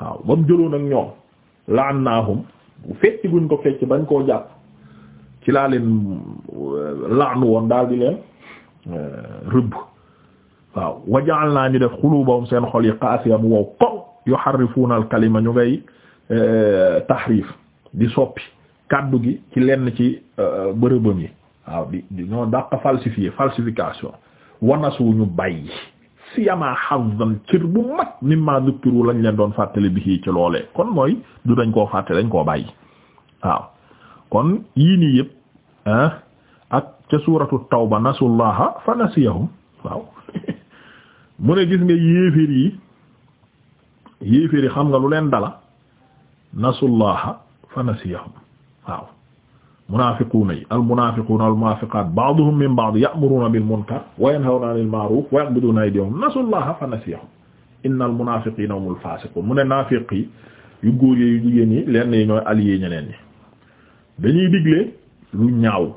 waaw ba mu jëloon ak ñoom laan naahum fecc guñ ko fecc bañ koo jàpp ci laa leen euh, laanu woon daal di leen euh, rëbb waaw wajaal naa ñu def xulubahum seen xol yi qaasiya mu wow koŋ yuharrifuuna al kalima ñu ngay euh, tahrif di soppi kàddu gi ci lenn ci bërëbam yi waaw di ñoo dàq falsifier falsification wanasu ñu bàyyi siyamaa hazan cër bu mag mimma dhukkiru lañ leen doon fàttale bi ci loolee kon mooy du dañ koo fàtte dañ koo bàyyi waaw kon yii nii yëpp ah, ak ca suuratu taw ba nasu nasullaha fa nasiyahum waaw mu ne gis nga yéeféer yi yéeféer yi xam nga lu leen dala nasullaha fa nasiyahum waaw munaafiquuna yi al munaafiquuna wal munaafiqaat ba'duhum min ba'd ya'muruuna bil munkar wa yanhawna 'anil ma'ruuf wa yaqbiduuna aydiyahum nasu llaaha fa nasiyahum innal munaafiqiina humul faasiquun mu ne naafiq yi yu góor yi yu jigéen yi lenn yi ñooy allié ñeneen ñi dañuy digle lu ñaaw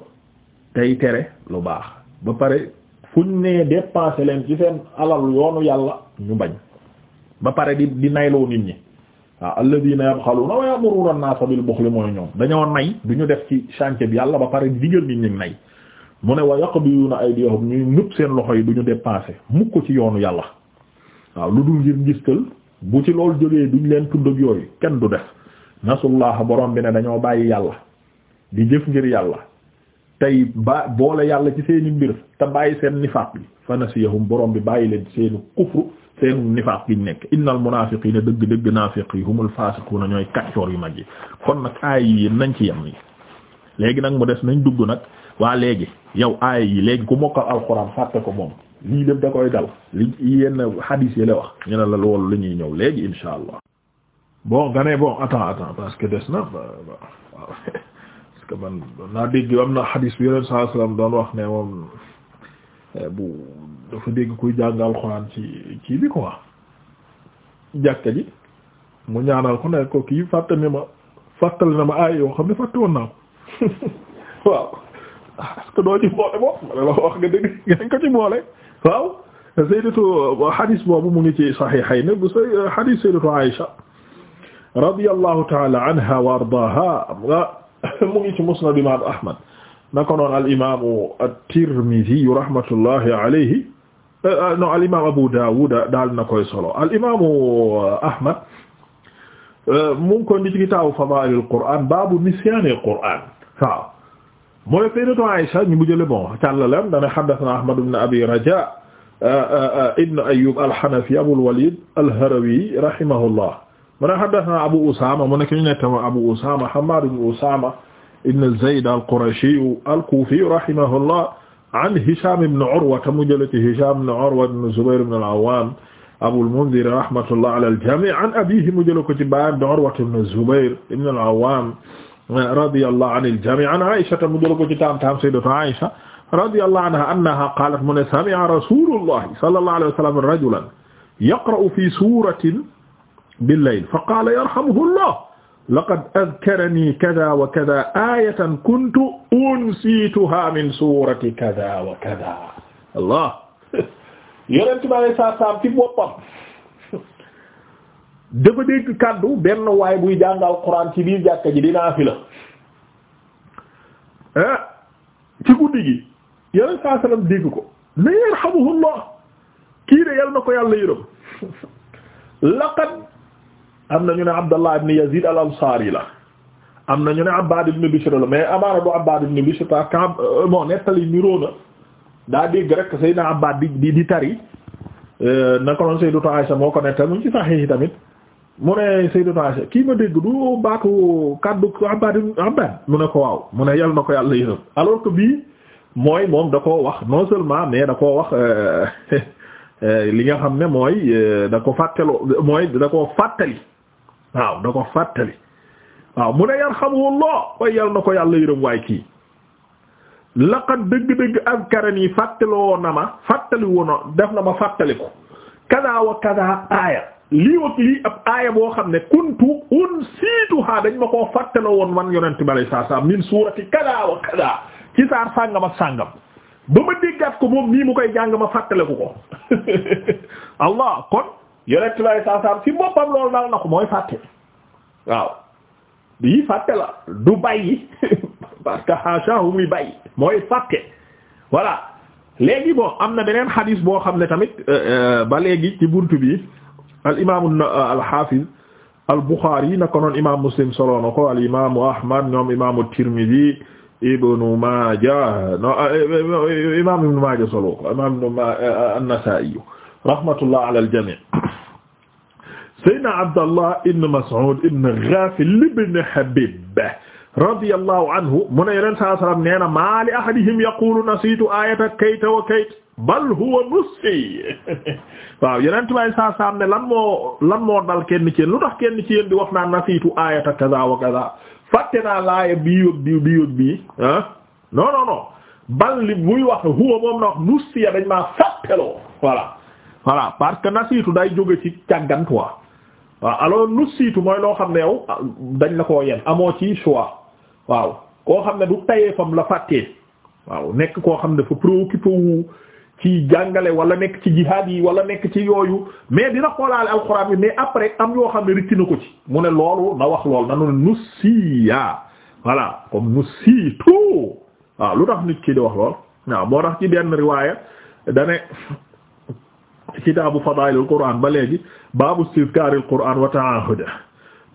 tey tere lu baax ba pare fuñ nee dépenser leen ci seen alal yoonu yàlla ñu bañ ba pare di di nayloo nit ñi. waaw alladina yabxaluuna wa ya'muruna an-naasa bil buxli mooy ñoom dañoo nay du ñu def ci chantier bi yàlla ba pare digal nit ñi nay mu ne wa yaqbiduna aydiyahum ñuy nëpp seen loxo yi du ñu dépenser mukk ci yoonu yàlla waaw lu dul ngir ngistal bu ci loolu jógee duñ leen tudd ak yooyu kenn du def nasullaha borom bi ne dañoo bàyyi yàlla di jëf ngir yàlla tey ba boole yàlla ci seeni mbir te bàyyi seen nifaaq bi fa nasiyahum borom bi bàyyi leen seeni kufru seen nifaaq giñ nekk innal munaafiqiina dëgg dëgg naafiq yi humul faasiquuna ñooy kaccoor yu mag yi kon nag aaya yi nañ ci yem yi léegi nag mu des nañ dugg nag waa léegi yow aaya yi léegi ku mokkal alxuraan fàtte ko moom lii lépp da koy dal li yenn hadis yi la wax ñu ne la loolu la ñuy ñëw léegi insha allah bon nga ne bon attends attends parce que des na waaw parce que man naa dégg am na hadis bi yeneen saa salaam doon wax ne moom eh, bu dafa dégg kuy jàng alxuraan ci kii bi quoi jàkka ji mu ñaanal ko ne ko kii fàttali ne ma fàttali na ma ay yoo xam ne fàtte woon naa ko waaw est-ce que doo ci boole boobu ma ne la wax nga dëgg ngeen ko ci boole waaw sayyidatu hadis boobu mu ngi ci sahihayn bu say hadis sayyidatu Aisha radiyallahu ta'ala anha wa ardaaha mu ngi ci musnad imam Ahmad naka noonu al imaamu at-Tirmidhi rahmatullahi alayhi Euh, euh, non al imam Abu Dawud daal na koy solo al imam euh, Ahmad mu ngi ko ndi ci kitaabu fadaa'ilul Qur'aan baabu nisyaanil Qur'aan waaw mooy sayyidatu Aïsha ñu bu jële bon càllalam dana haddathanaa Ahmad ibn Abi Rajaa ibn Ayyub al-Hanafi Abul Walid al-Harawi rahimahullah mu ne haddathanaa Abu Usaama mu nekk ñu nettama Abu Usaama Hammaad ibn Usaama ibn Zayd al-Qurashi al-Kufi rahimahullah an Hisham ibn Urwa mu jëlee ci Hisham ibn Urwa ibn Zubayr ibn al-Awwam Abul Mundhir rahmatullah ala al-jami' an abihi mu jëlee ko ci baayam di Urwa ibn Zubayr ibn al-Awwam radiyallahu an al-jami' an Aisha mu jëlee ko ci taam taam sayyidatu Aisha radiyallahu anha annaha qalat mu ne sami'a rasulullah sallallahu alayhi wa sallam rajulan yaqra'u fi suratin bil-layl fa qala yarhamuhullah laqad adkarani kada wa kada ayatan kuntu min surati kada wa allah yonent bi alei saatu salaam ci boppam dafa dégg kàddu benn waay buy jàng alquran ci biir jàkka ji dinaa fi la ah eh, ci guddi gi yonent bi saai sallam dégg ko yàlla yërëm am na ñu ne Abdallah ibn Yazid al-Ansari la am na ñu ne Abbad ibn Bishr la mais amaana du Abbad ibn Bishr parce que euh, bon nettali niroo daa dégg rek Seydina Abbad di di tari euh, naka noonu Sayyidatu Aisha moo ko nettal mu ci Sahih tamit mu ne Sayyidatu Aisha kii ma dégg du baatu kaddu Abbad Abbad mu ne ko waaw mu ne yal na ko yàlla yërëm alors que bii mooy moom da koo wax non seulement mais da koo wax. Euh, li nga xam ne mooy da ko fàttaloo mooy da ko fàttali waaw da ko fàttali waaw mu ne yarhamuhullah way yal na ko yàlla yërëm waay kii laqad dëgg-dëgg ak fàttaloo na ma fàttali woona def na ma fàttali ko kada wa kada aaya lii wag lii ab aaya boo xam ne kuntu unsiituha dañ ma koo fàttala woon man yonent bi alay saa saa min suurati kada wa kada ci sàngam ak sàngam ba ma déggaat ko moom nii mu koy jàng ma fàttaliku ko allah kon yonent lay saasaam ci boppam loolu dal na ko mooy fàtte waaw bii fàtte la du bàyyi parce que hachahu muy bàyyi mooy fàtte voilà léegi bon am na beneen xadiis boo xam ne tamit euh, euh, ba léegi ci buntu bi al imaamu euh, al xaafiz al buxaari naka noonu imaam muslim solo na ko al imaamu ahmad ñoom imaamu tirmidi ibnu maaja no imaam ibnu maaja solo ko imaam an-nasaa'i rahmatullah ala al jamii Seydina Abdallah Ibn Mas'ud Ibn Ghafil Ibn Habib radiyallahu anhu mu ne yeneen saa salaam nee na maa li ahadihim yaqulu nasiitu ayata kayta wa kayt bal huwa nusi waaw yeneen tubaab saa salaam ne lan moo lan moo dal kenn ci yéen lu tax kenn ci yéen di wax naan nasiitu ayata kaza wa kaza fàtte naa laaya bii yóg bii bii yóg bii ah non non non bal li muy wax huwa moom na wax nusiya dañ maa fàtteloo voilà voilà parce que nasiitu day jóge ci càggantuwa waaw alors nu siitu mooy loo xam ne yow ah, dañ la koo yen amoo ci choix waaw koo xam ne du tayee fam la fàttee waaw nekk koo xam ne dafa préoccupé wu ci jàngale wala nekk ci jihaad yi wala nekk ci yooyu mais dina xoolaale alxuraan bi mais après am yoo xam ne rikki na ko ci mu ne loolu na wax loolu nanu ne nu siiyaa voilà comme nu siitu waaw lu tax nit kii di wax lool waaw moo tax ci benn riwaaya dane kitaabu fadaa'ilil qur'aan ba léegi baabu istizkaaril qur'aan wa ta'aahudihi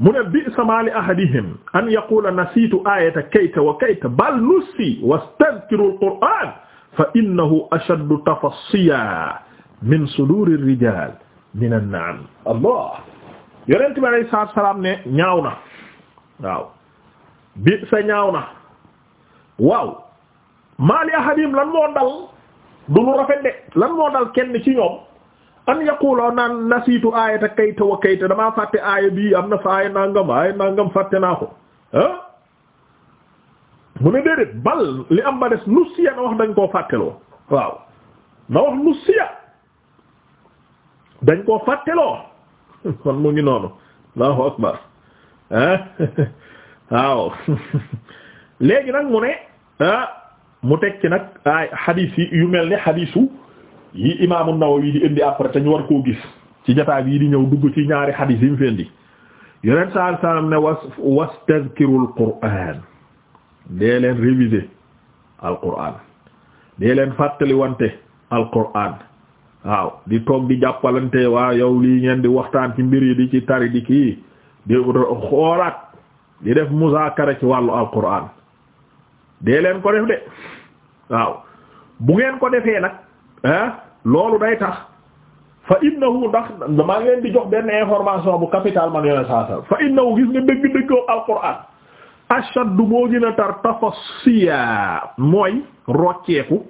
mu ne bi'sa maa li ahadihim an yaquula nasiitu aayata kayta wa kayta bal nusi wastazkirul qur'aan fa innahu ashaddu tafassiyan min suduurir rijaal minan na'am. Allah yonent bi alayhi salaatu wa salaam ne ñaaw na waaw bi'sa ñaaw na waaw maa li ahadihim lan moo dal du lu rafet de lan moo dal kenn ci ñoom an yaqula naan nasiitu aayata kayta wa kayta damaa fàtte aaya bii am na fa aaya nangam aaya nangam fàtte naa ko mu ne déedéet bal li am ba des nusiya na wax dañ koo fàtteloo waaw na wax nusiya dañ koo fàtteloo kon mu ngi noonu Allahu akbar waaw léegi nag mu ne mu tekki nag ay xadiis yu mel ni xadiisu yi imaamu Nawawi di indi après te ñu war koo gis ci jotaay yii di ñëw dugg ci ñaari xadiis yi mu fi indi yonent saa salaam ne was wastazkirul qur'aan dee leen réviser al qur'aan dee leen fàttaliwante al qur'aan waaw di toog di jàppalante waa yow lii ngeen di waxtaan ci mbir yi di ci tari di ki di xoolaat di def muzaakara ci wàllu al qur'aan dee leen ko def de waaw bu ngeen ko defee nag ah loolu day tax di jox benn information bu capital man yoneen saa sal fa innahu gis nga dëgg-dëggoo alquran ashaddu moo gën a mooy rocceeku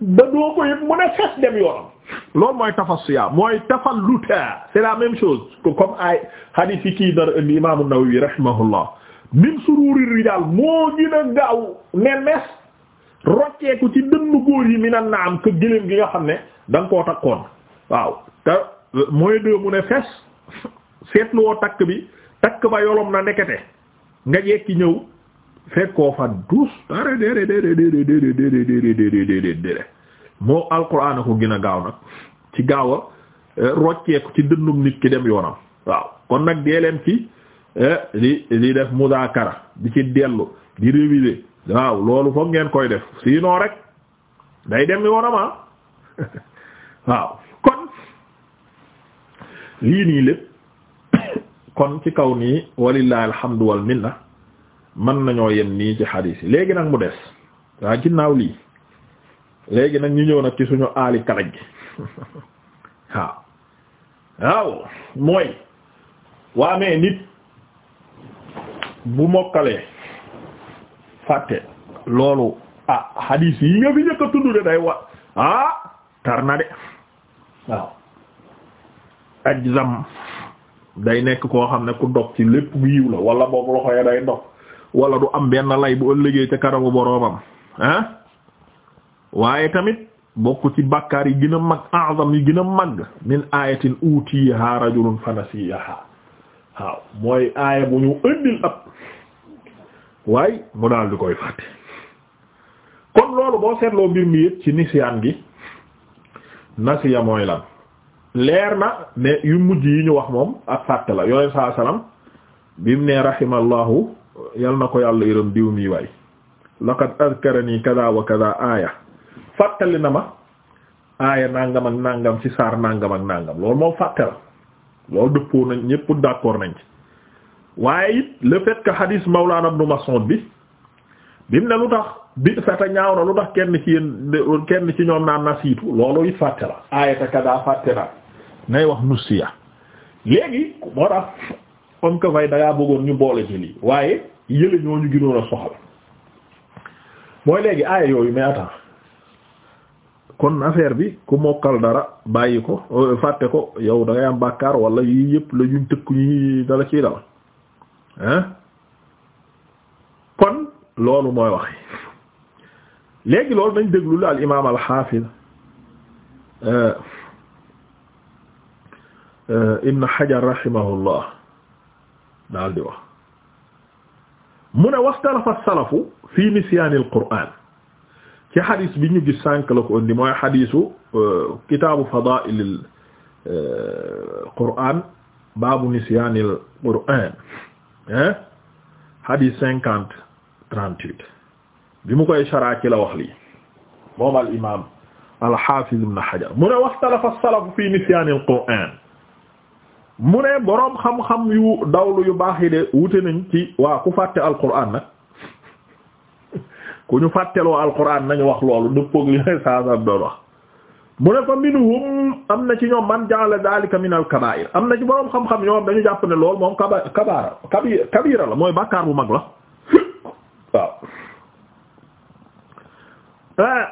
da mooy tafassiya mooy tafalluta c'est la même chose comme ay hadith yi kii nar indi imaamu Nawawi rahimahullah min rijal moo gën a gaaw rocceeku ci dënnu góor yi mi na naam que gëléem gi nga xam ne da nga koo takkoon waaw te mooy de mu ne fes seetluwoo takk bi takk ba yolom na ndekete nga jekki ñëw fekkoo fa duus dare dere dere dere dere dere dere dere dere moo alquran ko gën a gaaw nag ci gaaw rocceeku ci dënnum nit ki dem yoonam waaw kon nag deeleem ci li li def mudaakara di ci dellu di réviser waaw loolu foog ngeen koy def sinon rek day dem ni warama ah. waaw kon lii nii lépp kon ci kaw nii walillahi alhamdu wal minna mën nañoo yem nii ci xadiis yi léegi nag mu des waa ginnaaw lii léegi nag ñu ñëw nag ci suñu aali kalaj gi waaw waaw mooy waamee nit bu mokkalee fàtte loolu ah hadith yi nga fi njëkk a de day wax ah tar de waaw ajzam day nekk koo xam ne ku dog ci lépp bu yiw la wala boobu loxo ya day dog wala du am benn lay bu ëllëgee ca kanamu boroomam ah waaye tamit bokk ci bàkkaar yi gën mag azam yi gën a mag min ayatin utiyaha rajulun fanasiyaha waaw mooy aaya bu ñu ëndil ab waaye mu daal di koy fàtte kon loolu boo seetloo mbir mi yëpp ci nisyaan gi nasiya mooy lan leer na ne yu mujj yi ñu wax moom ak fàtte la yoneen saa salaam bi mu ne rahimallahu yal na ko yàlla yërëm diw mi waay laqad azkarani kada wa kada aaya fàttali na ma aaya nangam ak nàngam ci saar nangam ak nàngam loolu moom fàtte la loolu dëppoo nañ ñëpp d'accord nañ ci waaye it le fait que hadis Mawlana Ibn Mas'ud bi bimu ne lu tax bi fata ñaaw na lu tax kenn ci yéen kenn ci ñoom naan nasiitu loolu it fàtte la ayata kada fàtte na nay wax nusiya léegi moo tax comme que fay dangaa bëggoon ñu boole ci lii waaye yële ñoo ñu gënoon a soxal mooy léegi aaya yooyu mais attends kon affaire bi ku mokkal dara bàyyi ko euh, fàtte ko yow da ngay am bàkkaar wala yi yëpp la yuñ tëkk ñu dala ciy dal ah kon loolu mooy wax léegi loolu dañ déglu li al imaam al xaafid euh, euh, Ibn Hajar rahimahullah daal di wax mu ne waxtalafa salafu fi nisyaanil qur'aan ci xadis bi ñu gis sànk la ko indi mooy xadisu euh, kitaabu fadaa'ilil qur'aan baabu nisyaanil qur'aan hein hadith cinquante trente-huit bi mu koy sharaa ci la wax lii moom al imaam al haafiz ibn Hajar mu ne waxtalafa salaf fi nisyaan al Qur'aan mu ne boroom xam-xam yu dawlu yu baax yi de wute nañ ci waa ku fàtte al Qur'aan nag ku ñu fàtteloo al Qur'aan nañu wax loolu dëppook li ne saa wax bu ne fa minhum am na ci ñoom man ja'ala dhalika min al am na ci boroom xam-xam ñoom dañu jàpp ne lool moom kaba kabaara kabira la mooy bàkkaar bu la waaw ah,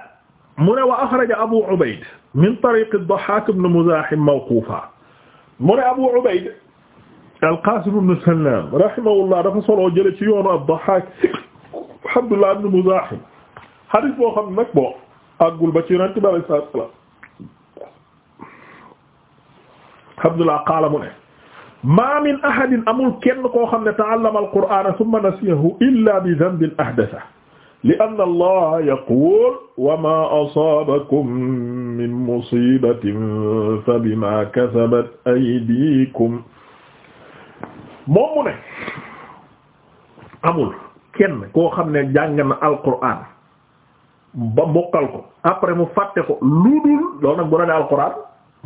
mu ne wa axraja abu ubayd min tariq ad-dahhak ibn muzahim mawqufa mu ne abu ubayd al ibn sallam rahimahullah dafa soloo jële ci yoonu ad-dahhak abdullah ibn muzahim hadith boo ba ci Abdullah qaala mu ne ma min ahadin amul kenn koo xam ne ta'allama al-Qur'ana thumma nasiyahu illa bi dhanbin ahdathahu li anna Allah yaqul wa ma asabakum min musibatin fa bima kasabat aydikum moom mu ne amul kenn koo xam ne jàng na alquran ba mokkal ko après mu fàtte ko lu dul loolu nag bu la ne alquran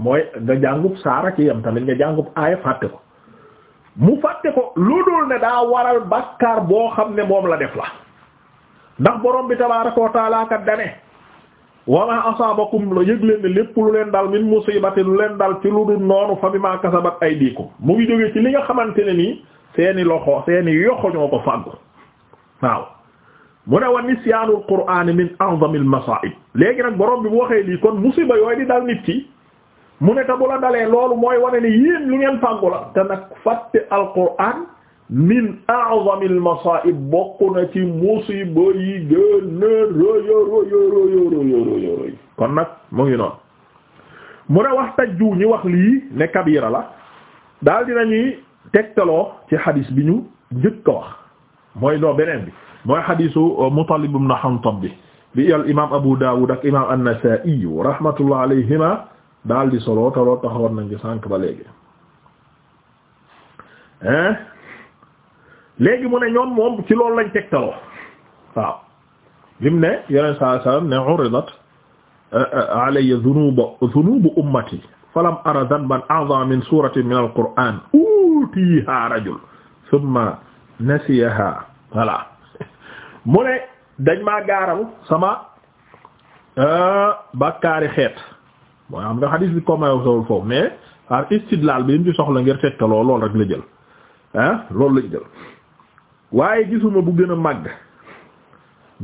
mooy nga jàngub saara ci yam tamit nga jàngub aaya fàtte ko mu fàtte ko lu dul ne daa waral bàkkaar boo xam ne moom la def la ndax borom bi tabaaraka wa taala kat dane wa maa asaabakum la yëg leen ne lépp lu leen dal min musibati lu leen dal ci lu dul noonu fa bimaa kasabat aydiikum mu ngi jógee ci li nga xamante ne nii seeni loxo seeni yoxo ñoo ko fàggu waaw mu ne wa nisyaanul qur'aani min a'zamil masaa'ib léegi nag borom bi bu waxee lii kon musiba yooyu mu ne ta bu la dalee loolu mooy wane ne yéen lu ngeen fàggu la te nag fàtte alquran min a'zamil masaa'ib bokk na ci musiba yi gën a rëy kon nag mu ngi noonu mu ne wax tajju ñi wax lii ne kabira la daal dinañuy tegtaloo ci xadis bi ñu njëkk a wax mooy noo beneen bi mooy xadisu euh, Mutalib ibn Hantab bi bi al imam Abu Dawud ak imam An-Nasa'i rahmatullah alayhima daal di solo te loolu taxawoon nañ ci sànq ba léegi hein léegi mu ne ñoom moom ci loolu lañ tegtaloo waaw bimu ne yeneen saa sallam ne uridat eh, eh, alayya dhunubu dhunubu ummati falam ara dhanban a'zama min suratin min al-qur'an utiha rajul thumma nasiyaha voilà mu ne dañ maa gaaraw sama eh, bàkkaari xeet mooy am nga xadis bi commencéwul foofu mais par istidlal bi mu ci soxla ngir tegtaloo loolu rek la jël ah loolu lañ jël waaye gisuma bu gën a màgg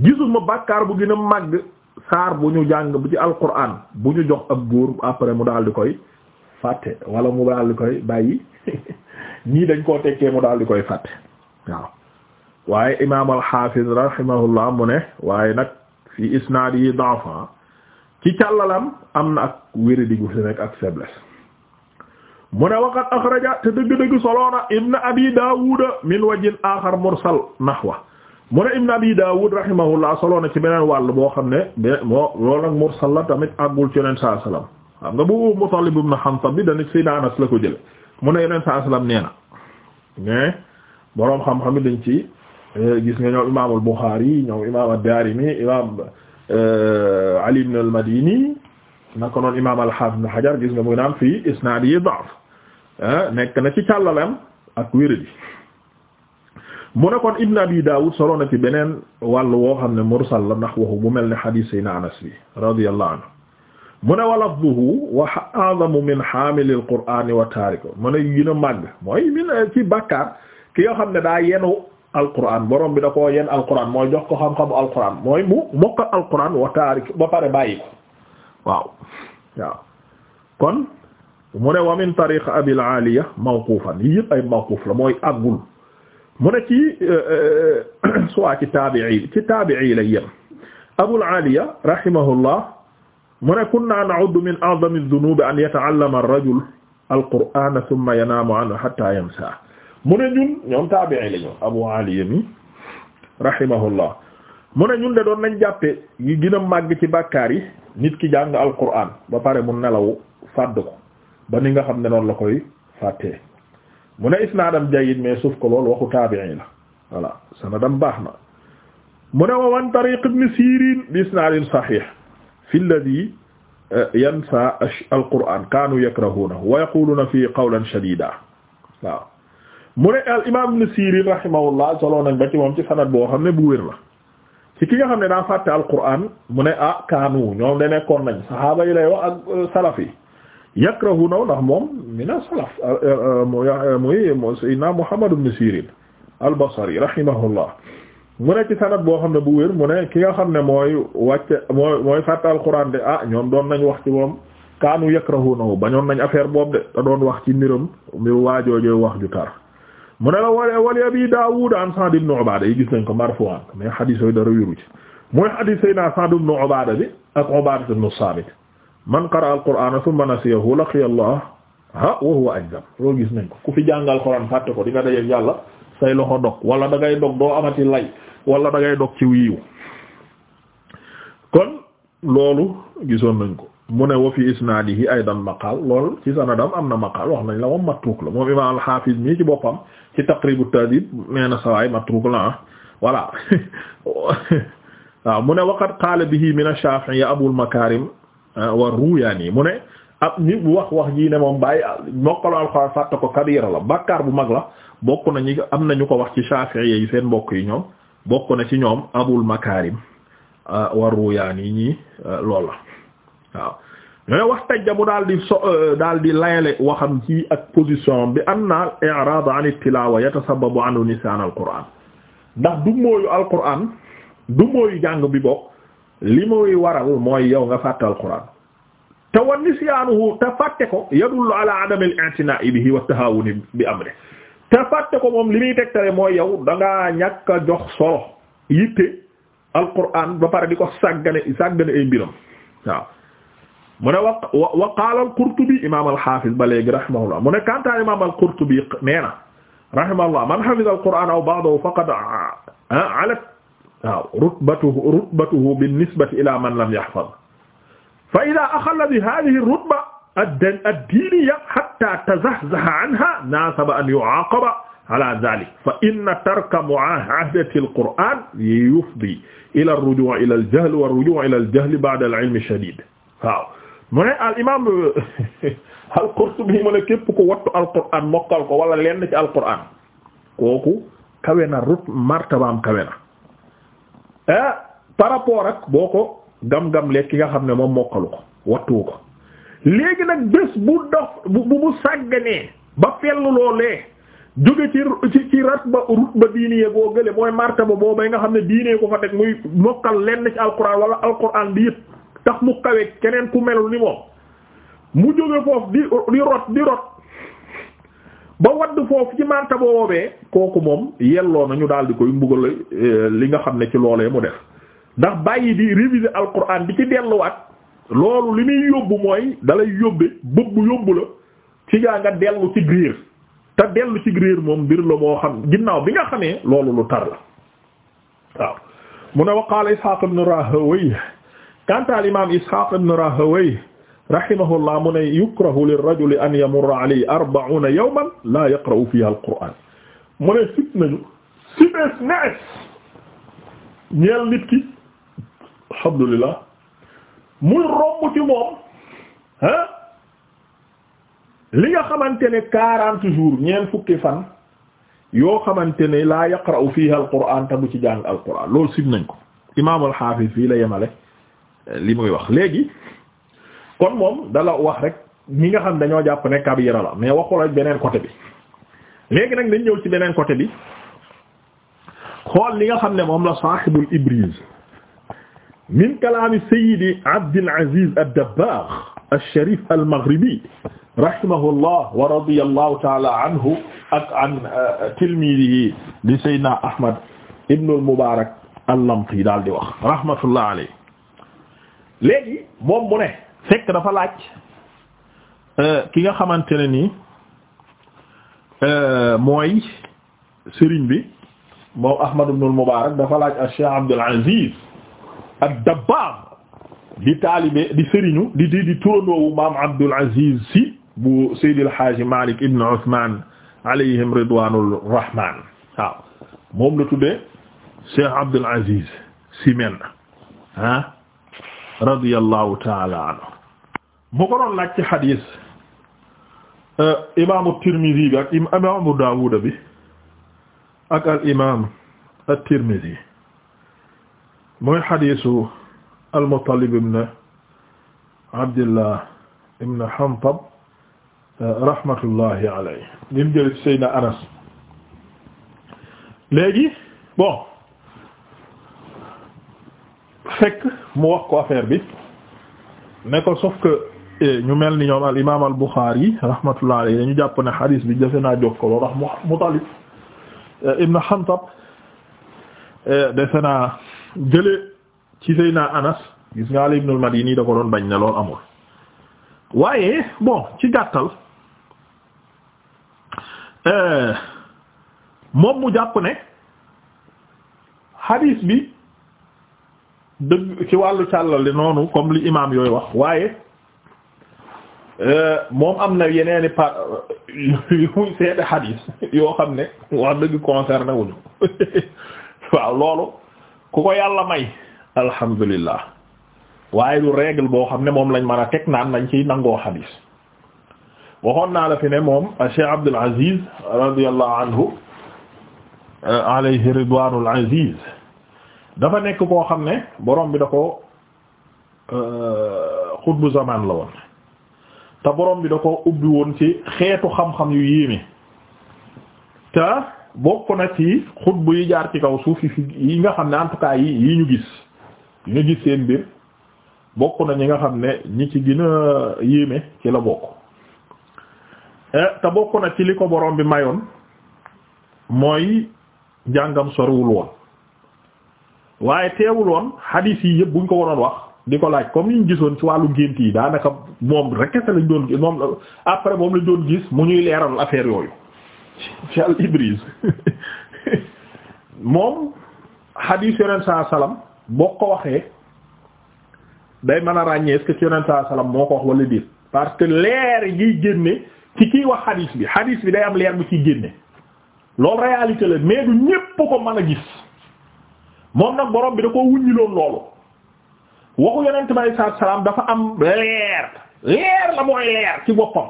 gisuma bàkkaar bu gën a màgg saar bu ñu jàng bu ci alquran bu ñu jox ab góor après mu daal di koy fàtte wala mu daal koy bàyyi nii dañ koo tekkee mu daal di koy fàtte waaw waaye imaam hafiz rahimahullah mu ne waaye nag fi isnaad yi da'fa ci càllalam am na ak wéradi gu fi nekk ak faiblesse mu ne waqad axraja te dëgg-dëgg soloona ibn abi daawuda min wajhin aaxar mursal nahwa mu ne ibn abi daawud rahimahullah soloona ci beneen wàll boo xam ne be moo loolu nag mursal la tamit àggul ci yonent saa salaam xam nga bu Mutalib na Hantab bi dañu Sayyidina Anas la ko jële mu ne yonent saa salaam nee na mais boroom xam-xam dañ ci eh, gis nga ñoom imaamul Buxaari ñoom imaam daarimi imaam Euh, Ali ibn al-Madini naka noonu imaam al-Hafiz ibn Hajar gis nga muy naan fii isnaad yi da'f ah, nekk na ci càllalam ak wéradi mu ne kon Ibn Abi Dawud solo na ci beneen wàll woo xam ne mursal la ndax waxu bu mel ne xadiis sayna Anas bi radiyallahu anhu mu ne wa lafduhu wa a'zamu min haamili al-Qur'aan wa taariku mu ne gën a màgg mooy min ci bàkkaar ki yoo xam ne daa yenu alquran borom bi da koo yen alquran mooy jox ko xam-xamu alquran mooy mu mokkal alquran wa taarik ba pare bàyyi ko waaw waaw kon mu ne wa min tariq abil aliya mawqufan yi yëpp ay mawquf la mooy àggul mu ne ci euh, euh, soit ci taabi'i ci taabi'i la yem abul aliya rahimahullah mu ne kunna na'uddu min a'zami adh-dhunub an yata'allama ar-rajul al-qur'ana thumma yanamu anhu hatta yamsa mu ne ñun ñoom taabi'i la ñu Abu Ali mi rahimahullah mu ne ñun de doon nañ jàppe yi gën a màgg ci bàkkaar yi nit ki jàng alquran ba pare mu nelaw fàdd ko ba ni nga xam ne noonu la koy fàttee mu ne isnaadam jayyid mais suuf ko loolu waxu taabi'i la voilà dam baax na mu ne wa wan tariq ibn Sirin bi isnaadin sahih fi alladhi e, yansa alquran kaanu yakrahunahu wa yaquluna fihi qawlan shadidan waaw mu ne al imaam ibn Sirin rahimahullah solo nañ ba ci moom ci sanad boo xam ne bu wér la ci ki nga xam ne daa fàtte alquran mu ne ah kaanu ñoom da nekkoon nañ saxaaba yi lay wax ak euh, salaf yi yakrahu naw ndax moom mina salaf euh, euh, muy sayyidina Muhammad ibn Sirin al-Basri rahimahullah mu ne ci sanad boo xam ne bu wér mu ne ki nga xam ne mooy wàcce mooy mooy fàtte alquran de ah ñoom doon nañ wax ci moom kaanu yakrahu naw ñoon nañ affaire boobu de te doon wax ci mbiram mbiru waajoojooy wax ju tar mu ne la wala wali abi Daawuud an Sa'd Ubaada yi gis nañ ko marfu'an mais xadiis dara wéeru ci mooy xadiis Seydina Sa'd ibn Ubaada bi ak Ubaada ibn Saamit man qara'a al-Qur'aana thumma nasiyahu laqiya Allah wa huwa ajzam loolu gis nañ ko ku fi jàngal Qur'aan fàtte ko di nga yàlla say loxo dog wala da ngay dog doo amati lay wala da ngay dog ci wiiw kon loolu gisoon nañ ko mu ne wa fi isnaadihi aydan maqaal lool ci sanadam am na maqaal wax nañ la ci taqribu tahdib nee na sawaay matruk la ah voilà waaw mu ne waqad qaala bihi min ash-shafi'i abul makarim ah, wa ruyani mu ne ab ñi wax wax ji ne moom bàyyi mokkalo alxuraan fàtte ko kabira la bàkkaar bu mag la bokk na ñi am na ñu ko wax ci shafi'i yi seen mbokk yi ñoom bokk na ci ñoom abul makarim ah, wa ruyani ñi ah, loolu la waaw ñooy eh, wax tajja mu daal di so eh, daal di layale waxam ci ak position bi anna al-i'rad an at-tilawa yatasababu anhu nisyan al-Qur'an ndax du mooyu al-Qur'an du mooyu jàng bi bokk li mooy waral mooy yow nga fàtte al-Qur'an te wa nisyanuhu te fàtte ko yadullu ala adam al-i'tina'i bihi wa at-tahawun bi amri te fàtte ko moom li muy tegtale mooy yow da ngaa jox solo yitte al-Qur'an ba pare di ko sàggane sàggane ay mbiram mu ne wa wa qaala al-Qurtubi imaam al-Haafiz ba léegi rahimahullah mu ne kanta imaam al-Qurtubi nee na rahimahullah man hafiza al-Qur'aan aw ba'dahu faqad ah, ah, alat waaw rutbatuhu rutbatuhu bin-nisbati ilaa man lam yahfaz fa izaa axalla bi haadihi ar-rutba ad-diiniyya hattaa tazahzaha anhaa naasaba an yu'aaqaba alaa zaalik fa inna tarka mu'aahadati al-Qur'aan yufdii ilaa ar-rujuu'i ilaa al-jahli wa ar-rujuu'u ilaa al-jahli ba'da al-'ilmi ash-shadiid waaw mu ne al imaam euh, al-Qurtubi mu ne képp ko wattu al-Qur'an mokkal ko wala lenn ci al-Qur'an kooku kawe na rut martabaam kawe na eh, par rapport ak boo ko gam-gam lekk ki nga xam ne moom mokkalu ko wattu ko léegi nag bés bu dox bu bu sàgganee ba fellu loolee jóge ci ci ci rat ba rut ba diiniyee goo gële mooy martaba boobay nga xam ne diinee ko fa teg muy mokkal lenn ci al-Qur'an wala al-Qur'an bi yëpp tax mu kawe keneen ku melul ni moom mu jóge foofu di di rot di rot ba wadd foofu ci manta boobee kooku moom yelloo na ñu daal di koy mbugal eh, li nga xam ne ci loolee mu def ndax bàyyi di réviser alquran di ci delluwaat loolu li muy yóbbu mooy dalay yóbbe bëbb yóbbu la ci gaa nga dellu ci griir te dellu ci griir moom mbir la moo xam ginnaaw bi nga xamee loolu lu tar la waaw mu ne wa qaala Isxaaq ibn kanta al imam ishaq ibn rahawayh rahimahullah mu ne yukrahu lirajuli an yamurra alayhi arbauna la yaqra'u fiha alquran mu ne sit nañu si bees nees ñeel nit alhamdulillah muy romb ci moom ah li nga xamante ne quarante jours ñeent fukki fan yoo xamante ne la yaqra'u fiha alquran te ci jàng alquran loolu sit imam alhafiz fii la yemale li mooy wax léegi kon moom dala wax rek ñi nga xam dañoo jàpp ne kabira la mais waxul beneen côté bi léegi nag dañ ñëw ci beneen côté bi xool li nga xam ne moom la sahibul ibriz min kalaami sayyidi abdil aziz ad-dabbagh ash-sharif al-maghribi rahimahullah wa radiyallahu ta'ala anhu ak an uh, tilmidihi di sayyidina ahmad ibn al-mubarak al-lamti daal di wax rahmatullah alayhi léegi moom mu ne fekk dafa laaj euh, ki nga xamante ne nii euh, mooy sëriñ bi moom Ahmad ibn al-Mubarak dafa laaj a Cheikh Abdul Aziz ad-Dabbaagh taalibe di sëriñu di di di turandoowu maam Abdul Aziz si bu Seydil Haaji Malik ibn Usmaan alayhim ridwaanur rahmaan moom la tuddee Cheikh Abdul Aziz si men ah radiyallahu taala anhu bu ko doon laaj ci xadiis euh, imaamu Tirmidi bi ak imaamu Daawuda bi ak al imaam at-Tirmidi mooy xadiisu al-Muttalib ibn Abdillah ibn Hantab euh, rahmatullahi alayhi lim jël ci Seydina Anas léegi bon fekk mu wax ko affaire bi ne ko sauf eh, ñu mel ni ñoom al imaam al Bukhari rahmatullah alayhi dañu jàpp ne xadiis bi jafe naa jox ko loolu ndax Mutalib eh, ibn Hantab eh, defe naa jële ci Seyna Anas gis nga Ali ibn al Madini da ko doon bañ ne loolu amul waaye bon ci gàttal moom mu jàpp ne xadiis bi dëgg ci wàllu càllale noonu comme li imaam yooyu wax waaye euh, moom am na yeneeni par yu muy xadiis yoo xam ne wax dëgg concerné wuñu waaw loolu ku ko yàlla may alhamdulillah waaye lu règle boo xam ne moom lañ mën a teg naan ciy nangoo xadiis waxoon naa la fi ne moom Cheikh Abdul Aziz radiyallahu anhu euh, alayhi aziz dafa nekk koo xam ne borom bi da ko euh, xutbu zamaan la woon te borom bi da ko ubbi woon ci xeetu xam-xam yu yéeme te bokk na ci xutbu yi jaar ci kaw suuf yi nga xam ne en yi ñu gis yi ñu gis seen mbir bokk na ñi nga xam ne ñi ci gën a yéeme ci la bokk eh, te bokk na ci li ko borom bi mayoon mooy njàngam soriwul woon waaye teewul woon hadith yi yëpp buñ ko waroon wax di ko laaj comme liñ gisoon ci wàllu gént yi daanaka moom rek kese lañ doon moom après moom lañ doon gis mu ñuy leeral affaire yooyu ci al moom hadith yonent saa salaam boo ko waxee day man a ràññee est-ce ci yonent saa salaam moo ko wax wala déet parce que leer yi génne ci kiy wax hadith bi hadith bi day am leer bu ci génne loolu réalité la mais ñépp ko man a gis. moom nag borom bi da koo wuññiloon loolu waxu yonent bi alayhi salaam dafa am leer leer la mooy leer ci boppam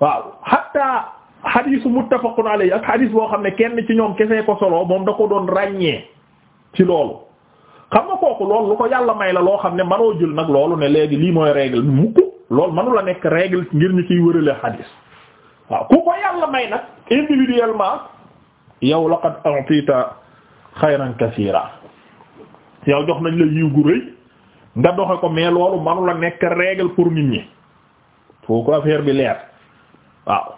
waaw hatta xadiisu muttafaqun alayhi ak xadiis boo xam ne kenn ci ñoom kesee ko solo moom da ko doon ràññee ci loolu xam nga kooku loolu lu ko yàlla may la loo xam ne manoo jël nag loolu ne léegi lii mooy règle mukk loolu manu la nekk règle ngir ñu ciy wërale xadiis waaw ku ko yàlla may nag individuellement yow laqad a'tita xayran kasiira yow jox nañ la yiw gu rëy nga doxe ko mais loolu manu la nekk règle pour nit ñi foo ko bi leer waaw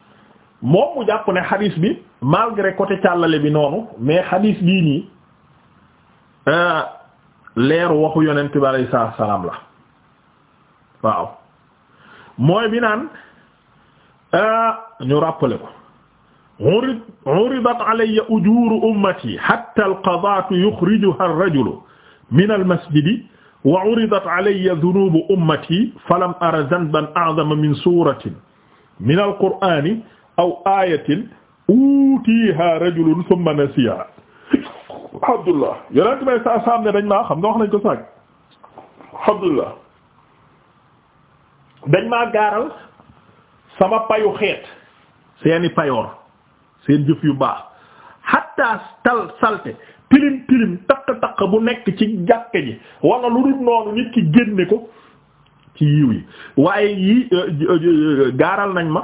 moom mu jàpp ne xadiis bi malgré côté càllale bi noonu mais xadiis bii nii euh, leeru waxu yonent bi alayhi salaam la waaw mooy bi naan euh, ñu rappelé ko urid uridat alayya ujuuru ummati hatta alqadaatu yuxrijuha arrajulu min almasjidi wa uridat alayya dunuubu ummati falam ara zanban a'zama min suuratin min alqur'aani aw aayatin uutiihaa rajulun summa nasiyahaa. Abdullah yonent may saa saam ne dañ maa xam nga wax nañ ko sax Abdullah dañ maa gaaral sama payu xeet seeni payoor. seen jëf yu baax hatta tal salte tilim tilim taq-taq bu nekk ci jàkke ji wala lu dul noonu nit ki génne ko ci yiw yi waaye yi euh, euh, euh, gaaral nañ ma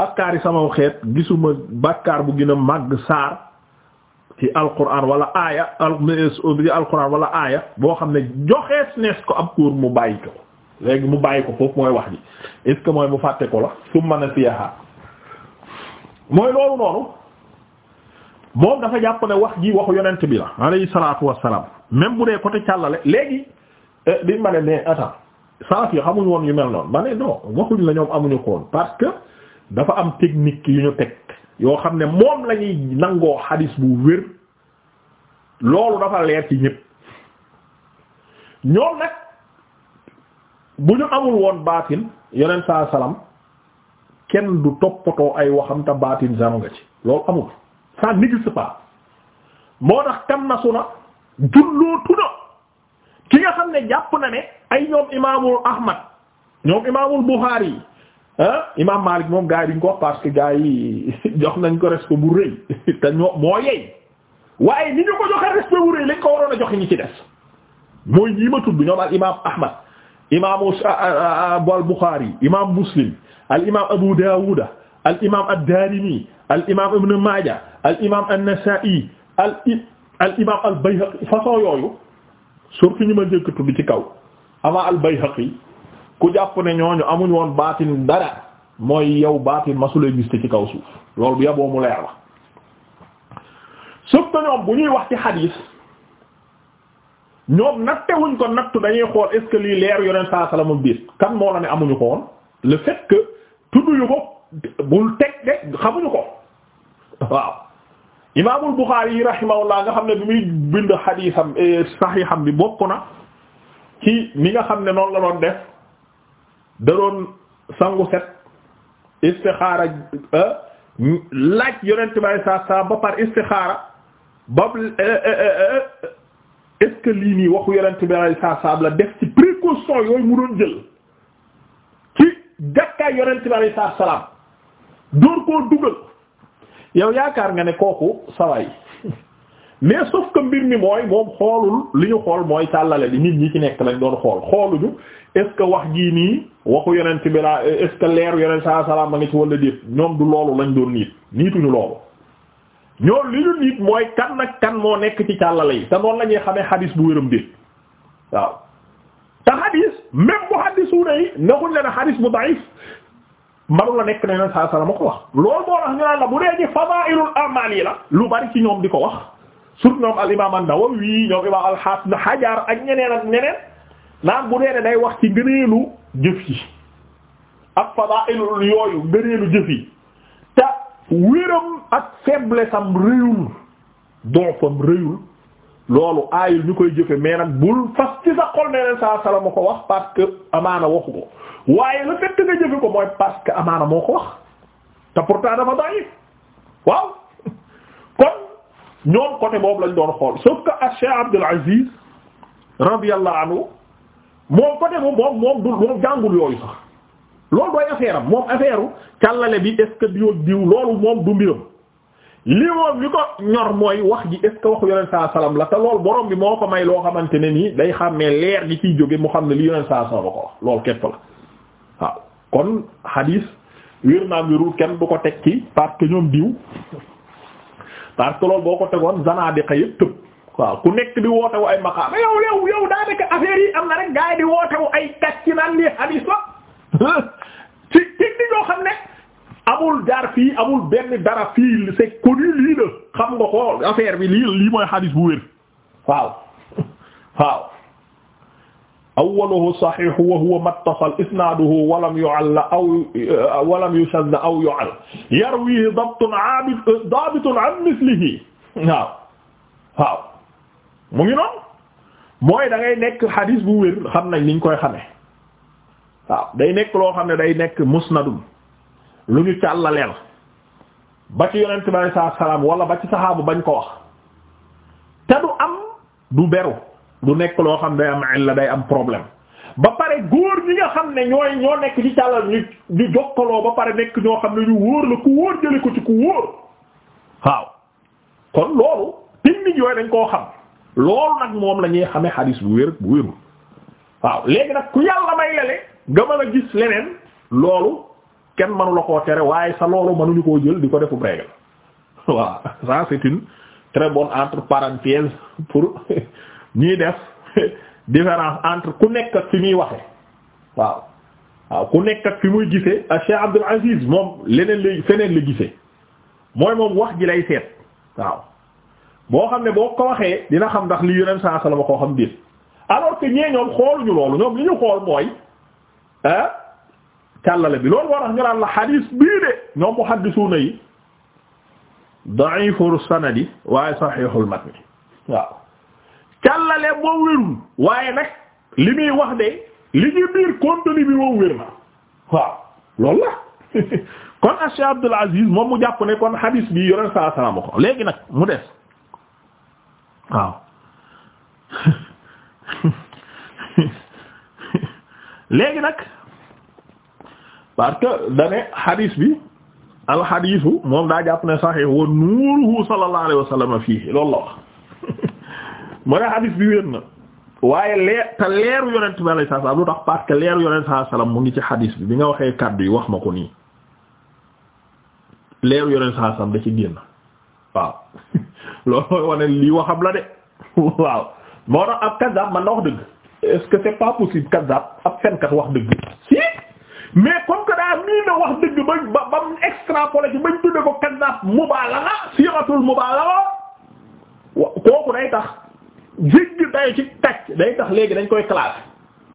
bàkkaar yi sama xeet gisuma bàkkaar bu gën a màgg saar ci alquran wala aaya ci alquran wala aaya boo xam ne joxees nees ko am kóor mu bàyyi ko léegi mu bàyyi ko foofu mooy wax ji est mooy mu fàtte ko la summa nasiyaha mooy loolu noonu moom dafa jàpp ne wax ji waxu yonent bi la alayhi salaatu wassalaam même bu dee côté càllale léegi diñ eh, ma ne mais attends salaf yi xamuñ woon yu mel noonu ma ne non waxuñ la ñoom amuñu koon parce que dafa am technique yu ñu teg yoo xam ne moom lañuy nangoo xadis bu wér loolu dafa leer ci ñëpp ñoom nag bu ñu amul woon baatin yonent saa salaam kenn du toppatoo ay waxam te baatin zanu ci loolu amul ça n'existe pas moo tax tam na su na jullootu na ki nga xam ne jàpp na ne ay ñoom imaamul Ahmad ñoom imaamul Bukhari yi ah, imaam Malik moom gars yi ko parce que gars yi jox nañ ko respect bu rëy te ñoo moo yey waaye ni ñu ko joxe respect bu rëy lañ ko waroon a joxe ci des mooy ñi ma tudd ñoom al imaam Ahmad imaamu al Bukhari imaam Muslim al imaam Abu Dawud al imaam ad-Daarimi Maaja al imaam an-Nasaa'i al al yooyu surtout ñu ma njëkk tudd ci kaw ama al-Bayhaqi ku jàpp ne ñooñu amuñ woon baatin dara mooy yow baatin masulee gis ci kaw suuf loolu bu yaboo mu leer la surtout ñoom bu ñuy wax ci xadiis ñoom nattewuñ ko nattu dañuy xool est-ce lii leer yoneen saa salaam biir kan moo ne amuñu ko tudduñu ko bul teg de xamuñu ko waaw imaamul Buxaari yi rahimahullah nga xam ne bi muy bind xadiisam eh, saxiixam bi bokk na ci ni nga xam ne noonu la doon def da doon sangu set istixaara eh, laaj yonent bay saa ba par istixaara ba eh, est lii nii waxu yonent bay saa saa la def ci précaution yooyu mu doon jël jàkkaay yonent bi alayhi salaam dóor koo dugal yow yaakaar nga ne kooku sawaay mais sauf que mbir mi mooy moom xoolul li ñu xool mooy tàllale bi nit ñi ci nekk lañ doon xool xooluñu est wax gii nii waxu yonent bi la est-ce que yonent salaam a ngi ci walla déet ñoom du loolu lañ doon niit niituñu loolu ñoom li ñu niit mooy kan nag kan moo nekk ci tàllale yi te noonu la ñuy xadiis bu wéram déet waaw xadis même bu bu da'if manu la nekk ne leen saa sala ma ko wax lu bari ci ñoom di ko wax surtout ñoom al imaam an-Nawawi ñoom imaam al-Haafiz Hajar ak ñeneen ak ñeneen naan bu dee day wax ci ngëneelu jëf yi ak fadaa'ilul yooyu ngëneelu jëf yi te wéram ak faiblesse am réyul doofam réyul loolu aayul ñu koy jëfe mais nag bul fas ci sa xol ne leen saa salama ko wax parce amaana waxu ko waaye le fait que nga jëfe ko mooy parce amaana moo ko wax te pourtant dafa waaw kon ñoom côté boobu lañ doon xool sauf que Cheikh Abdul Aziz radiyallahu anhu moom côté moom moom du moom jàngul yooyu sax loolu dooy affaire moom affaire u bi est diw ak diw loolu moom du mbiram lii moom li ko ñor mooy wax ji est ce que waxu yonent saa salaam la te loolu borom bi moo ko may loo xamante ne nii day xàmmee leer gi ciy jóge mu xam ne li yonent saa salaam la ko wax loolu képp la waaw kon xadiis wér naa wérul kenn du ko teg ci parce que ñoom diw parce que loolu boo ko tegoon zanadiqa yëpp tëb waaw ku nekk di wootewu ay maqaama yow yow yow daa nekk affaire yi am na rek gaa yi di wootewu ay kàcc naan lii xadiis la ci ci ñoo xam ne. amul jaar fii amul benn dara fii c'est connu lii la xam nga ko affaire bi lii lii mooy xadis bu wér waaw waaw awwaluhu saxiix wa huwa mattasal isnaaduhu walam yu'all aw walam yushadd aw yu'all yarwihi dabtun aabid daabitun an mislihi waaw waaw mu ngi noonu mooy da ngay nekk xadis bu wér xam nañ niñ koy xamee waaw day nekk loo xam ne day nekk musnadun lu ñu càllaleel ba ci yonent bi alei salaatu salaam wala ba ci saxaabu bañ koo wax te du am du beru du nekk loo xam day am illa day am problème ba pare góor ñi nga xam ne ñooy ñoo nekk ci càllal ñu ñu jokkaloo ba pare nekk ñoo xam ne ñu wóor la ku wóor jële ko ci ku wóor waaw kon loolu technique yooyu dañ koo xam loolu nag moom la ñuy xamee xadis bu wér bu wérul waaw léegi nag ku yàlla may lale nga mën a gis leneen loolu kenn mënu la koo tere waaye sa loolu mënuñu koo jël di ko defu règle waaw ça c'est une très bonne entre parenthèses pour ñuy def différence entre ku nekk ak fi muy waxe waaw waaw ku nekk ak fi muy gise a Cheikh Abdul Aziz moom leneen la feneen la gisee mooy moom wax ji lay seet waaw boo xam ne boo ko waxee dina xam ndax li yeneen saa la ma koo xam biir alors que ñee xooluñu loolu ñoom li ñu xool mooy càllale bi loolu moo tax ñu naan bii de ñoom muhaddisuuna yi da'ifur sanadi waaye sahihul matn waaw càllale boo waaye nag li muy wax de li ñu biir contenu bi moom wér la kon Cheikh Abdul Aziz moom mu jàpp ne kon xadiis bi yore saa salaama ko léegi nag mu des léegi nag parce que da ne bi al hadisu moom daa jàpp na saxee wa nuuruhu sallallahu alayhi fii loolu la wax mu ne hadis bi wér na waaye leer te leeru yonent bi alayhi salaam lu tax parce que leeru yonent sallallahu alayhi mu ngi ci hadis bi bi nga waxee kaddu yi wax ma ko nii leeru yonent sallallahu alayhi wa da ci génn waaw loolu mooy wane lii waxam la de waaw moo tax ab kazzab man na wax dëgg est-ce que c'est pas possible kazzab ab fenkat wax dëgg mais comme que daa mii na wax dëgg bañ ba ba mu extrapolé ci bañ tudde ko kaddaab mubaalaga siratul mubaalaga kooku day tax jéggi dayo ci kàcc day tax léegi dañ koy classé